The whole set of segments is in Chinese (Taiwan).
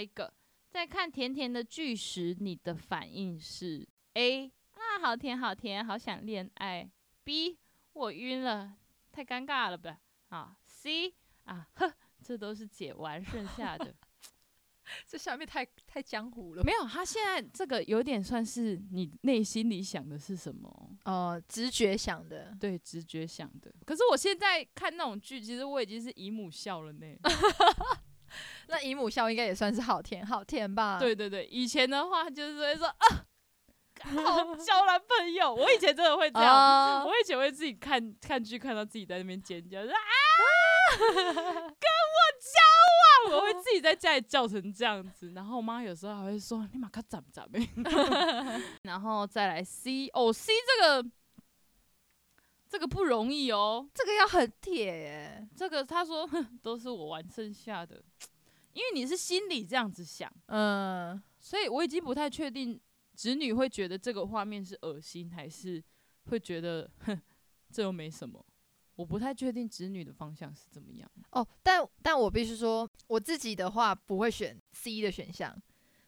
一個，在看甜甜的劇時，你的反應是 A 啊，好甜好甜，好想戀愛。B 我暈了，太尷尬了吧？啊 C 啊，哼，這都是姐玩剩下的。 這下面太太江湖了。沒有，他現在這個有點算是你內心裡想的是什麼？哦、呃，直覺想的。對，直覺想的。可是我現在看那種劇，其實我已經是姨母笑了呢。 那姨母笑應該也算是好甜，好甜吧？對對對，以前的話就是會說啊，好交男朋友。我以前真的會這樣，啊、我以前會自己看看劇，看到自己在那邊尖叫，說啊，啊，跟我交往， 我會自己在家裡叫成這樣子。然後我媽有時候還會說，你馬看咋不咋沒。 然後再來 C 哦，C 這個。這個不容易哦，這個要很鐵耶。這個他說哼，都是我玩剩下的，因為你是心裡這樣子想，嗯、呃，所以我已經不太確定直女會覺得這個畫面是惡心，還是會覺得哼，這又沒什麼。我不太確定直女的方向是怎麼樣？哦，但但我必須說，我自己的話不會選 C 的選項。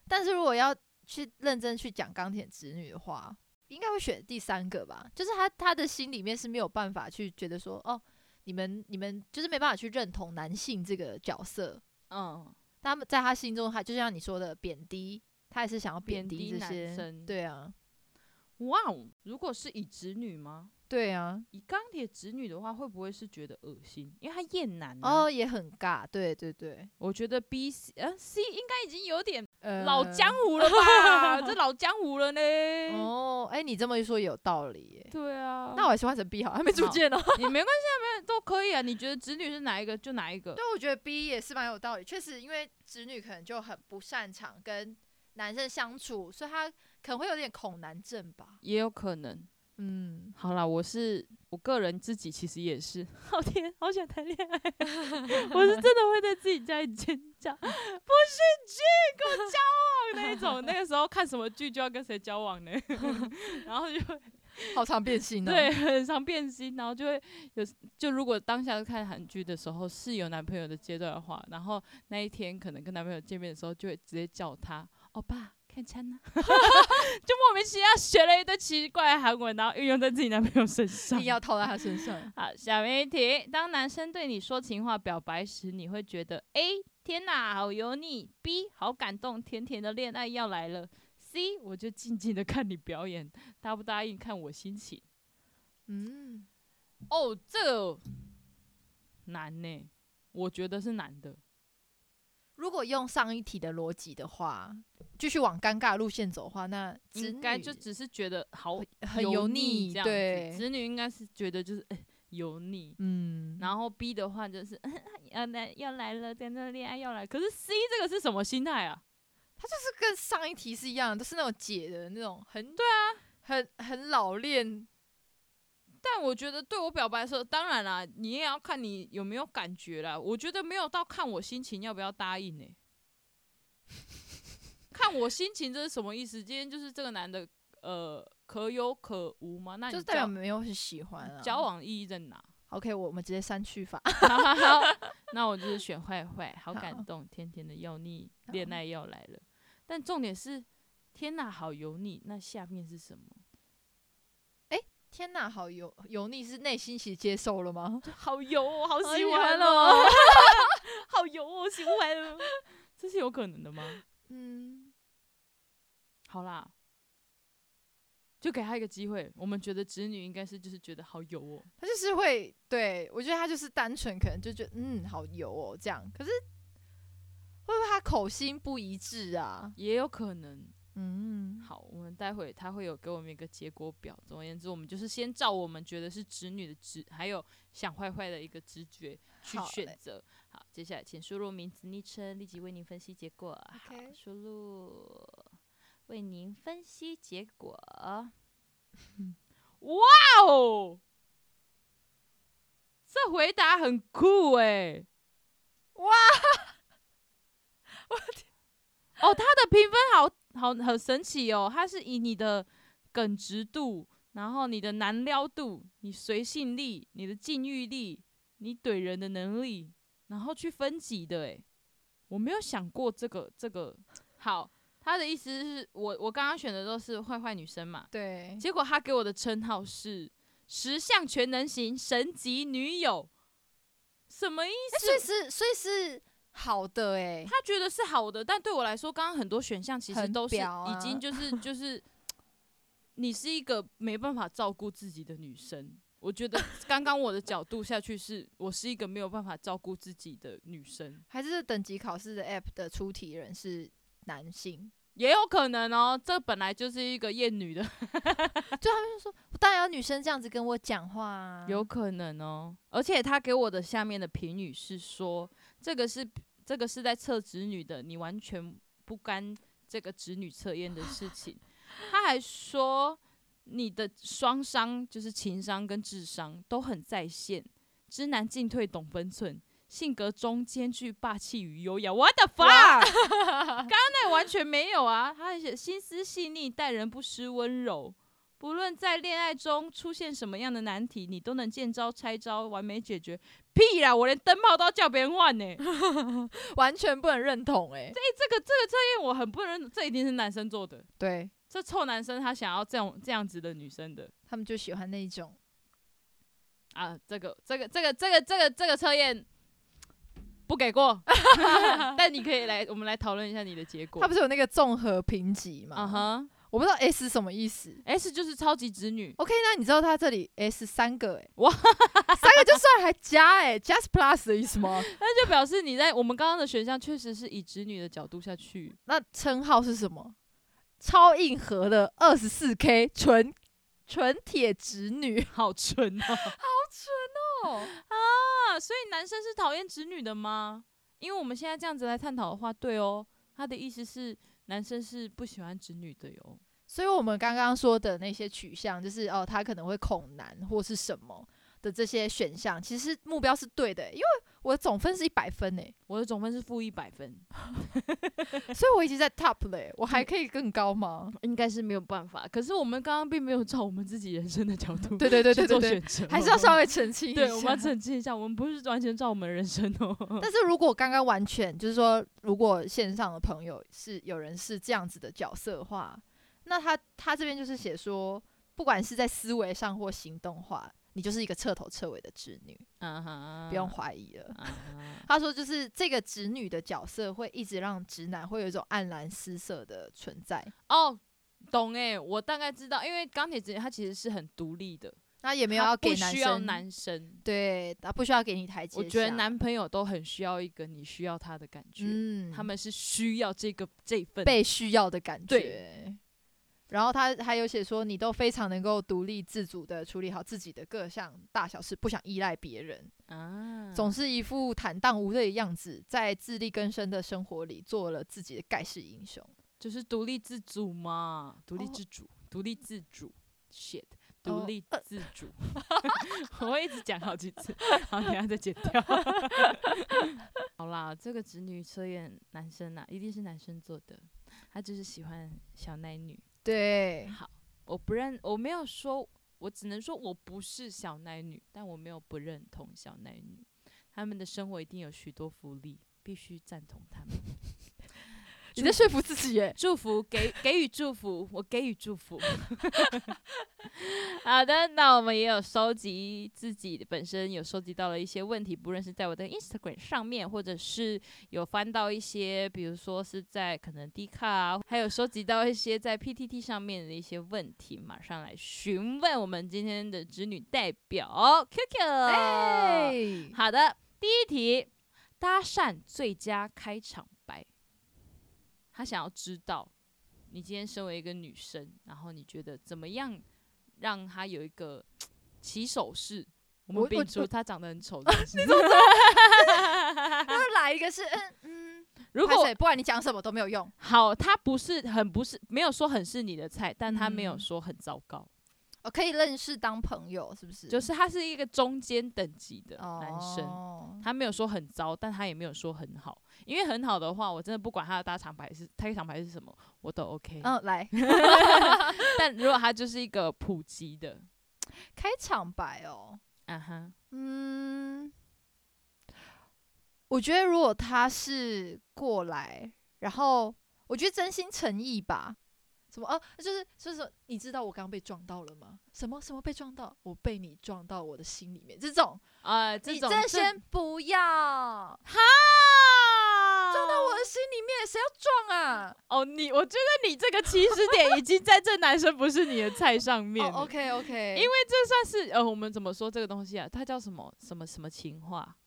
但是如果要去認真去講鋼鐵直女的話。應該會選第三個吧，就是他他的心裡面是沒有辦法去覺得說，哦，你們你們就是沒辦法去認同男性這個角色，嗯，他們在他心中還就像你說的貶低，他也是想要貶低這些，男生。對啊，哇、wow，如果是已子女嗎？對啊，以鋼鐵直女的話，會不會是覺得噁心？因為她厭男、啊、哦，也很尬。對對對，我覺得 B C 啊、呃、C 應該已經有點呃老江湖了吧？呃、 這老江湖了呢。哦，哎、欸，你這麼一說也有道理耶。對啊，那我還是換成 B 好了，還沒出現哦。也沒關係啊，都都可以啊。你覺得直女是哪一個，就哪一個。對，我覺得 B 也是蠻有道理。確實，因為直女可能就很不擅長跟男生相處，所以她可能會有點恐男症吧。也有可能。嗯，好啦，我是我個人自己其實也是，好甜，好想談戀愛， 我是真的會在自己家裡尖叫，不是劇跟我交往那一種， 那個時候看什麼劇就要跟誰交往呢， 然後就會，會好常變心呢、啊，對，很常變心，然後就會有，就如果當下看韓劇的時候是有男朋友的階段的話，然後那一天可能跟男朋友見面的時候就會直接叫他歐巴。Oh 爸天哪， 就莫名其妙學了一堆奇怪的韓文，然後運用在自己男朋友身上， 一定要套在他身上。好，下面一題：當男生對你說情話表白時，你會覺得 A 天哪，好油膩；B 好感動，甜甜的戀愛要來了；C 我就靜靜地看你表演，答不答應看我心情。嗯，哦，這個、難呢，我覺得是難的。如果用上一題的邏輯的話，繼續往尷尬路線走的話，那子女應女就只是覺得好很油膩，對，子女應該是覺得就是油膩、欸，嗯，然後 B 的話就是呵呵要來又來了，真的戀愛要來，可是 C 這個是什麼心態啊？他就是跟上一題是一樣的，都是那種解的那種很，很對啊，很很老練。但我覺得對我表白說，當然啦、啊，你也要看你有沒有感覺啦。我覺得沒有到看我心情要不要答應呢、欸。 看我心情這是什麼意思？今天就是這個男的，呃，可有可無嗎？那你就代表沒有很喜歡了。交往意義在哪？OK，我，我們直接刪去法。 那我就是選壞壞，好感動，甜甜的要膩，戀愛要來了。但重點是，天哪、啊，好油膩！那下面是什麼？天哪，好油油膩，是內心其實接受了嗎？好油哦、喔，好喜歡哦、喔， 好油哦、喔，喜歡、喔，這是有可能的嗎？嗯，好啦，就給他一個機會。我們覺得直女應該是就是覺得好油哦、喔，他就是會對我覺得他就是單純，可能就覺得嗯，好油哦、喔、這樣。可是會不會他口心不一致啊？也有可能。嗯，嗯，好，我們待會兒他會有給我們一個結果表。總而言之，我們就是先照我們覺得是直女的直，還有想壞壞的一個直覺去選擇。好，接下來請輸入名字昵稱，立即為您分析結果。好，輸、okay. 入，為您分析結果。哇哦，這回答很酷哎、欸！哇， 我天，哦，他的評分好。好，很神奇哦！他是以你的耿直度，然後你的難撩度，你隨性力，你的禁欲力，你懟人的能力，然後去分級的。誒，我沒有想過這個，這個好。他的意思是，我我剛剛選的都是壞壞女生嘛？對。結果他給我的稱號是十項全能型神級女友，什麼意思？欸、所以是，所以是。好的、欸，誒，他覺得是好的，但對我來說，剛剛很多選項其實都是已經就是、啊、 就是，你是一個沒辦法照顧自己的女生。我覺得剛剛我的角度下去是，是 我是一個沒有辦法照顧自己的女生。還是等級考試的 App 的出題人是男性，也有可能哦。這本來就是一個厭女的， 就他們就說，當然有女生這樣子跟我講話、啊，有可能哦。而且他給我的下面的評語是說。這個是這個是在測直女的，你完全不干這個直女測驗的事情。他還說你的雙商就是情商跟智商都很在線，知難進退，懂分寸，性格中兼具霸氣與優雅。What the fuck？剛 剛那完全沒有啊，他心思細膩，待人不失溫柔，不論在戀愛中出現什麼樣的難題，你都能見招拆招，完美解決。屁啦！我連燈泡都要叫別人換呢、欸， 完全不能認同哎、欸！這這個這個測驗我很不能，這一定是男生做的。對，這臭男生他想要這樣這樣子的女生的，他們就喜歡那一種。啊，這個這個這個這個這個、這個、這個測驗不給過， 但你可以來，我們來討論一下你的結果。他不是有那個綜合評級嗎？啊哈。我不知道 S 是什麼意思，S 就是超級直女。OK，那你知道他這裡 S 三個、欸？哇， 三個就算還加哎、欸、 ，Just Plus 的意思嗎？ 那就表示你在我們剛剛的選項確實是以直女的角度下去。 那稱號是什麼？超硬核的二十四 K 純純鐵直女，好純哦， 好純哦啊！所以男生是討厭直女的嗎？因為我們現在這樣子來探討的話，對哦，他的意思是。男生是不喜歡直女的喲，所以我們剛剛說的那些取向，就是哦，他可能會恐男或是什麼的這些選項，其實目標是對的，欸，因為。我的總分是一百分誒、欸，我的總分是負一百分， 所以我一直在 top 嘞、欸，我還可以更高嗎？應該是沒有辦法。可是我們剛剛並沒有照我們自己人生的角度對對對對、去做選擇喔，對對對對對還是要稍微澄清一下對。我們要澄清一下，我們不是完全照我們人生哦、喔。 但是如果剛剛完全就是說，如果線上的朋友是有人是這樣子的角色的話，那他他這邊就是寫說，不管是在思維上或行動化，你就是一個徹頭徹尾的直女，uh -huh. 不用懷疑了。Uh -huh. 他說，就是這個直女的角色會一直讓直男會有一種黯然失色的存在。哦、oh，懂。哎、欸，我大概知道，因為鋼鐵直女她其實是很獨立的，他也沒有要給男生，需要男生對，他不需要給你台階。我覺得男朋友都很需要一個你需要他的感覺，嗯、他們是需要這個這份被需要的感覺。對。然後他還有寫說，你都非常能夠獨立自主地處理好自己的各項大小事，不想依賴別人、啊、總是一副坦蕩無畏的樣子，在自力更生的生活裡做了自己的蓋世英雄，就是獨立自主嘛，獨立自主，oh. 獨立自主，shit，獨立自主，oh. 我會一直講好幾次， 好，等下再剪掉。 好啦，這個直女測驗男生啊，一定是男生做的，他就是喜歡小奶女。對，好，我不認，我沒有說，我只能說我不是小奶女，但我沒有不認同小奶女，他們的生活一定有許多福利，必須贊同他們。 你在說服自己耶？祝福，給給予祝福，我給予祝福。 好的，那我們也有收集自己本身有收集到了一些問題，不論是在我的 Instagram 上面，或者是有翻到一些，比如說是在可能 Dcard 還有收集到一些在 PTT 上面的一些問題，馬上來詢問我們今天的直女代表 Q Q。欸。好的，第一題，搭訕最佳開場。他想要知道，你今天身為一個女生，然後你覺得怎麼樣，讓他有一個起手式？我們比如說他長得很醜。哈哈哈哈，那來一個是嗯嗯，如果不，不管你講什麼都沒有用。好，他不是很，不是沒有說很，是你的菜，但他沒有說很糟糕。嗯哦，可以認識當朋友，是不是？就是他是一個中間等級的男生，哦，他沒有說很糟，但他也沒有說很好，因為很好的話，我真的不管他的開場白是開場白是什麼，我都 OK。嗯、哦，來， 但如果他就是一個普及的開場白哦，嗯、uh、哼 -huh。嗯，我覺得如果他是過來，然後我覺得真心誠意吧。什麼哦、啊？就是就是說，你知道我剛剛被撞到了嗎？什麼什麼被撞到？我被你撞到我的心裡面，這種啊、呃，這種你這先不要哈，撞到我的心裡面，誰要撞啊？哦、oh,，你我覺得你這個起始點已經在這男生不是你的菜上面。 oh, OK OK，因為這算是呃，我們怎麼說這個東西啊？它叫什麼什麼什麼情話？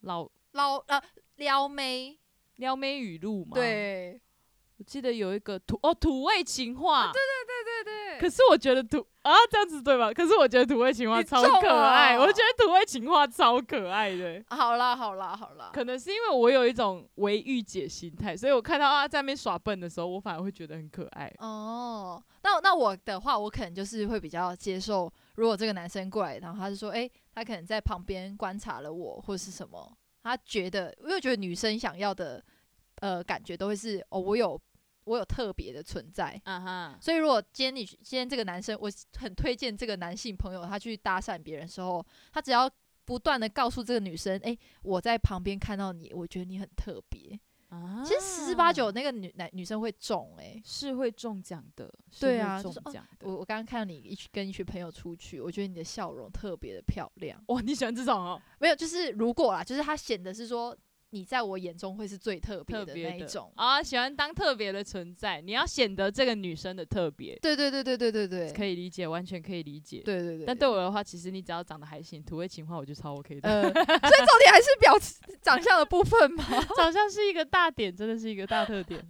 老老呃，撩妹撩妹語錄嘛。對。我記得有一個土哦土味情話，啊、對對對對對。可是我覺得土啊這樣子對吧？可是我覺得土味情話超可愛，啊、我覺得土味情話超可愛的。啊、好啦好啦好啦，可能是因為我有一種偽御姐心態，所以我看到他在那邊耍笨的時候，我反而會覺得很可愛。哦，那那我的話，我可能就是會比較接受，如果這個男生過來，然後他是說，哎、欸，他可能在旁邊觀察了我，或是什麼，他覺得，因為我覺得女生想要的，呃，感覺都會是，哦，我有。我有特別的存在，Uh-huh. 所以如果今天你今天這個男生，我很推薦這個男性朋友他去搭訕別人的時候，他只要不斷的告訴這個女生，誒、欸，我在旁邊看到你，我覺得你很特別。Uh-huh. 其實十之八九那個女男女生會中，哎，是會中獎的,的。對啊，中獎、就是、哦、哦。我我剛剛看到你一跟一群朋友出去，我覺得你的笑容特別的漂亮。哇、哦，你喜歡這種哦。沒有，就是如果啦，就是他顯得是說。你在我眼中會是最特別的那一種啊、哦，喜歡當特別的存在。你要顯得這個女生的特別。對對對對對對對，可以理解，完全可以理解。對對對，但對我的話，其實你只要長得還行，土味情話我就超 OK 的。呃、 所以重點還是表情、 長相的部分吧。長相是一個大點，真的是一個大特點。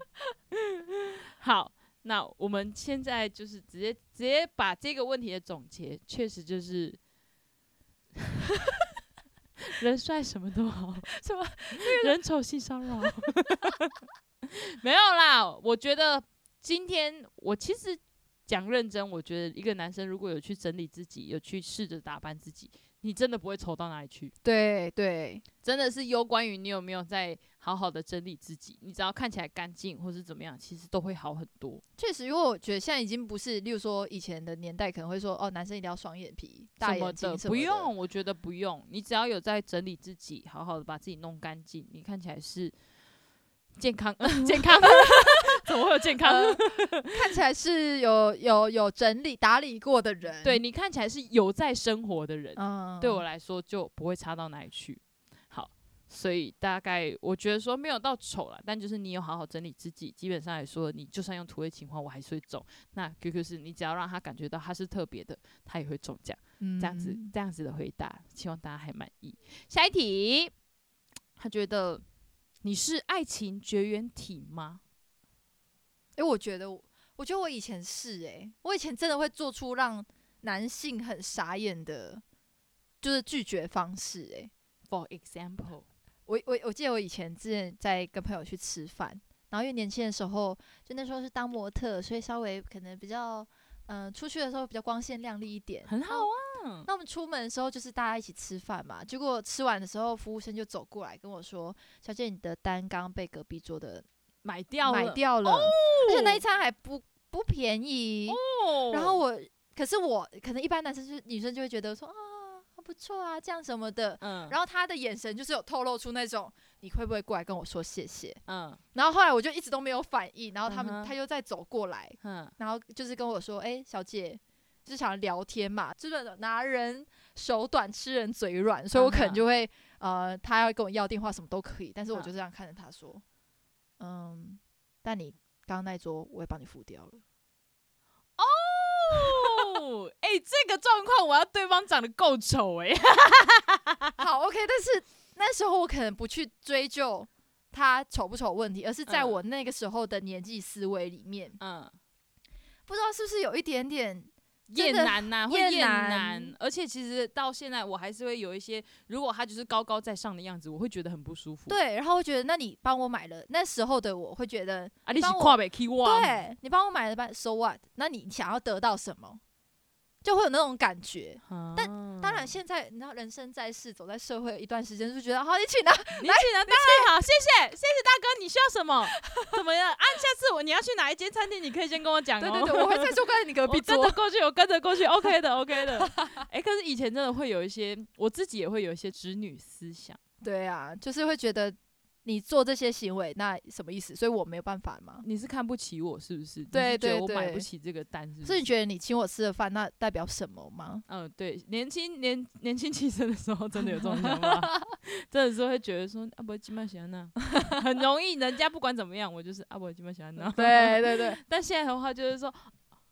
好，那我們現在就是直接直接把這個問題的總結，確實就是。 人帥什麼都好，什麼人醜性騷擾，沒有啦。我覺得今天我其實講認真，我覺得一個男生如果有去整理自己，有去試着打扮自己。你真的不會醜到哪裡去，對對，真的是攸關於你有沒有在好好的整理自己。你只要看起來乾淨或是怎麼樣，其實都會好很多。確實，因為我覺得現在已經不是，例如說以前的年代可能會說，哦，男生一定要雙眼皮、大眼睛，不用，我覺得不用。你只要有在整理自己，好好的把自己弄乾淨，你看起來是健康，健康的。我有健康，呃、 看起來是有有有整理打理過的人，對，你看起來是有在生活的人，嗯，對我來說就不會差到哪裡去。好，所以大概我覺得說沒有到醜了，但就是你有好好整理自己，基本上來說，你就算用土味情話，我還是會中。那 Q Q 是你只要讓他感覺到他是特別的，他也會中獎，嗯。這樣子，這樣子的回答，希望大家還滿意。下一題，他覺得你是愛情絕緣體嗎？因為、欸、我覺得，我覺得我以前是誒、欸，我以前真的會做出讓男性很傻眼的，就是拒絕方式誒、欸。For example，我我我記得我以前之前在跟朋友去吃飯，然後因為年輕的時候，就那時候是當模特，所以稍微可能比較嗯、呃，出去的時候比較光鮮亮麗一點，很好啊。那我們出門的時候就是大家一起吃飯嘛，結果吃完的時候，服務生就走過來跟我說：“小姐，你的單剛被隔壁桌的。”買掉買掉了，買掉了 oh! 而且那一餐還不不便宜。Oh! 然後我，可是我可能一般男生就是女生就會覺得說啊，不錯啊，這樣什麼的、嗯。然後他的眼神就是有透露出那種，你會不會過來跟我說謝謝？嗯。然後後來我就一直都沒有反應。然後他們他又再走過來，嗯、uh -huh.。然後就是跟我說，哎、欸，小姐，就是想聊天嘛，就是拿人手短，吃人嘴軟，所以我可能就會、uh -huh. 呃，他要跟我要電話什麼都可以，但是我就這樣看着他說。Uh -huh. 嗯，但你剛剛那桌我也幫你付掉了。哦，哎，這個狀況我要對方長得夠醜哎。 好，OK，但是那時候我可能不去追究他醜不醜問題，而是在我那個時候的年紀思維裡面，嗯，不知道是不是有一點點。厭男啊，會厭男，而且其實到現在，我還是會有一些，如果他就是高高在上的樣子，我會覺得很不舒服。對，然後會覺得，那你幫我買了，那時候的我會覺得啊，你是跨對，你幫我買了吧？So what？那你想要得到什麼？就會有那種感覺，嗯、但當然現在你知道，人生在世，走在社會有一段時間，就覺得好，你請的，你請的，你好，謝謝，謝謝大哥，你需要什麼？ 怎麼樣啊？下次我你要去哪一間餐廳，你可以先跟我講、哦、對對對，我會在坐坐在你隔壁桌，跟着過去，我跟着過去，OK 的，OK 的。哎、OK 欸，可是以前真的會有一些，我自己也會有一些直女思想。對呀、啊，就是會覺得。你做這些行為，那什麼意思？所以我沒有辦法嗎？你是看不起我是不是？對，對對，你覺得我買不起這個單是是，是？你覺得你請我吃的飯，那代表什麼嗎？嗯，對，年輕年年輕氣盛的時候，真的有這種想法， 真的是會覺得說，啊我這麼喜歡那， 很容易，人家不管怎麼樣，我就是啊我這麼喜歡那。 啊、 對，對對對，但現在的話就是說。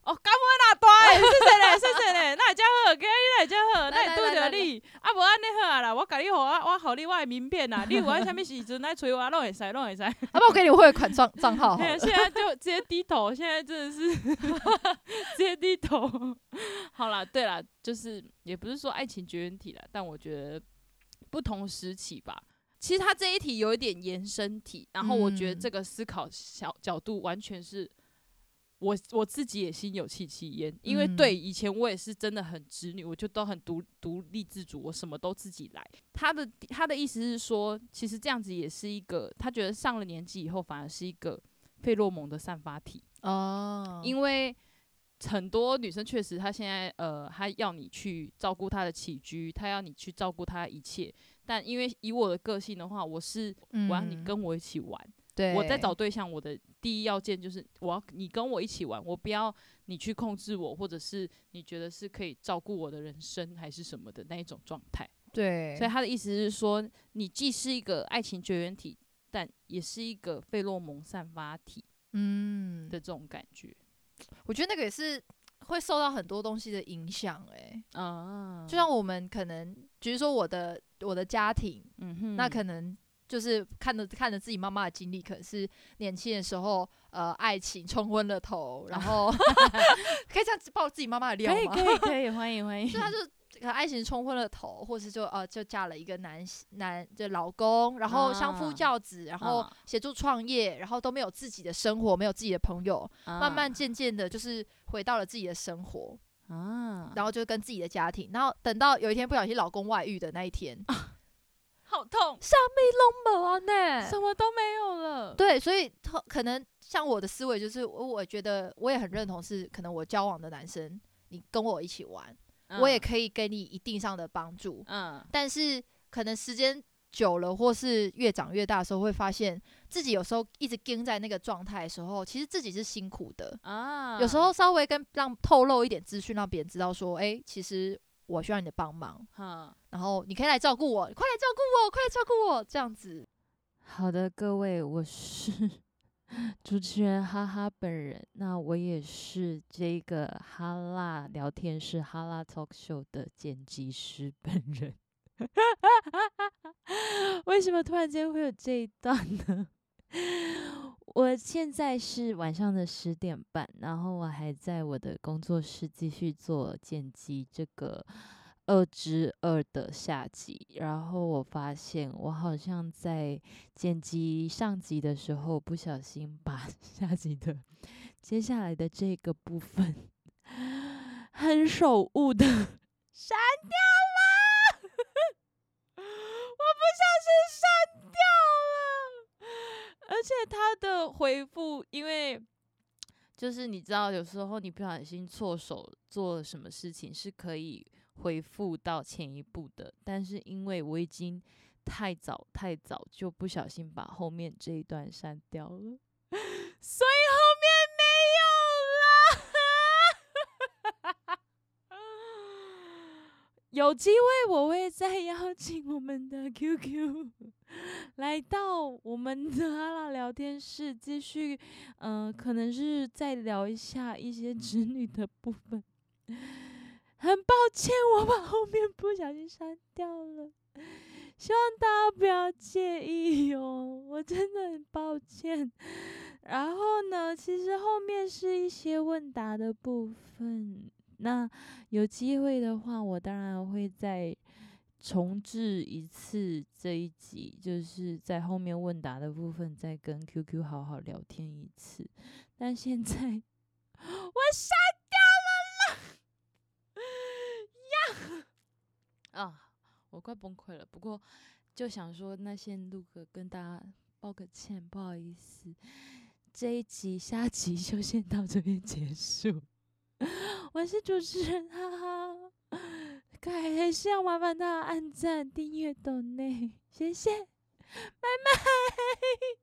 哦，剛我那大誒，謝謝誒，謝謝誒，那真好，給你那真好，那也對著你，啊，無安你好啦，我甲你好啊，我好你，我名片啊，你無在下面寫准來催我，啊，亂寫亂寫。阿爸，我給你匯、 啊、款賬賬號。 對啊，現在就直接低頭， 現在真的是 直接低頭。 好啦，對啦，就是也不是說愛情絕緣體啦，但我覺得不同時期吧，其實它這一題有一點延伸題，然後我覺得這個思考小角度完全是。嗯我我自己也心有戚戚焉，因為對、嗯、以前我也是真的很直女，我就都很獨獨立自主，我什麼都自己來。他的他的意思是說，其實這樣子也是一個，他覺得上了年紀以後反而是一個費洛蒙的散發體哦，因為很多女生確實，她現在呃，她要你去照顧她的起居，她要你去照顧她的一切，但因為以我的個性的話，我是、嗯、我要你跟我一起玩。我在找對象，我的第一要件就是我要你跟我一起玩，我不要你去控制我，或者是你覺得是可以照顧我的人生還是什麼的那一種狀態。對，所以他的意思是說，你既是一個愛情絕緣體，但也是一個費洛蒙散發體，嗯的這種感覺、嗯。我覺得那個也是會受到很多東西的影響、欸，誒、啊。就像我們可能，比如說我的我的家庭，嗯哼，那可能。就是看着看着自己媽媽的經歷，可能是年輕的時候，呃，愛情沖昏了頭，然後 可以這樣子爆自己媽媽的料嗎？可以可以可以，歡迎歡迎。所以她就、這個、愛情沖昏了頭，或是就呃就嫁了一個男男的老公，然後相夫教子，然後協助創業，然後都沒有自己的生活，沒有自己的朋友，慢慢漸漸的，就是回到了自己的生活、嗯、然後就跟自己的家庭，然後等到有一天不小心老公外遇的那一天。 痛，什麼都沒有了、啊、什麼都沒有了。對，所以可能像我的思維就是，我覺得我也很認同是，是可能我交往的男生，你跟我一起玩，嗯、我也可以給你一定上的幫助、嗯。但是可能時間久了，或是越長越大的時候，會發現自己有時候一直盯在那個狀態的時候，其實自己是辛苦的、啊、有時候稍微跟讓透露一點資訊，讓別人知道說，哎、欸，其實。我需要你的幫忙，哈、嗯，然後你可以來照顧我，快來照顧我，快來照顧我，這樣子。好的，各位，我是主持人哈哈本人，那我也是這個哈辣聊天室哈辣 talk show 的剪輯師本人。 為什麼突然間會有這一段呢？我現在是晚上的十點半，然後我還在我的工作室繼續做剪輯這個二之二的下集。然後我發現我好像在剪輯上集的時候，不小心把下集的接下來的這個部分很手誤的刪掉。謝謝他的回復，因為就是你知道，有時候你不小心錯手做了什麼事情，是可以回復到前一步的。但是因為我已經太早太早就不小心把後面這一段刪掉了， 所以後面。有機會我會再邀請我們的 QQ 來到我們的哈辣聊天室，繼續，嗯、呃，可能是再聊一下一些直女的部分。很抱歉我把後面不小心刪掉了，希望大家不要介意喲、哦，我真的很抱歉。然後呢，其實後面是一些問答的部分。那有機會的話，我當然會再重置一次這一集，就是在後面問答的部分，再跟 QQ 好好聊天一次。但現在我刪掉了啦呀！Yeah. 啊，我快崩潰了。不過就想說，那先錄個跟大家抱個歉，不好意思，這一集、下集就先到這邊結束。我是主持人，哈哈，可還是要麻煩大家按讚、訂閱、抖內，謝謝，拜拜。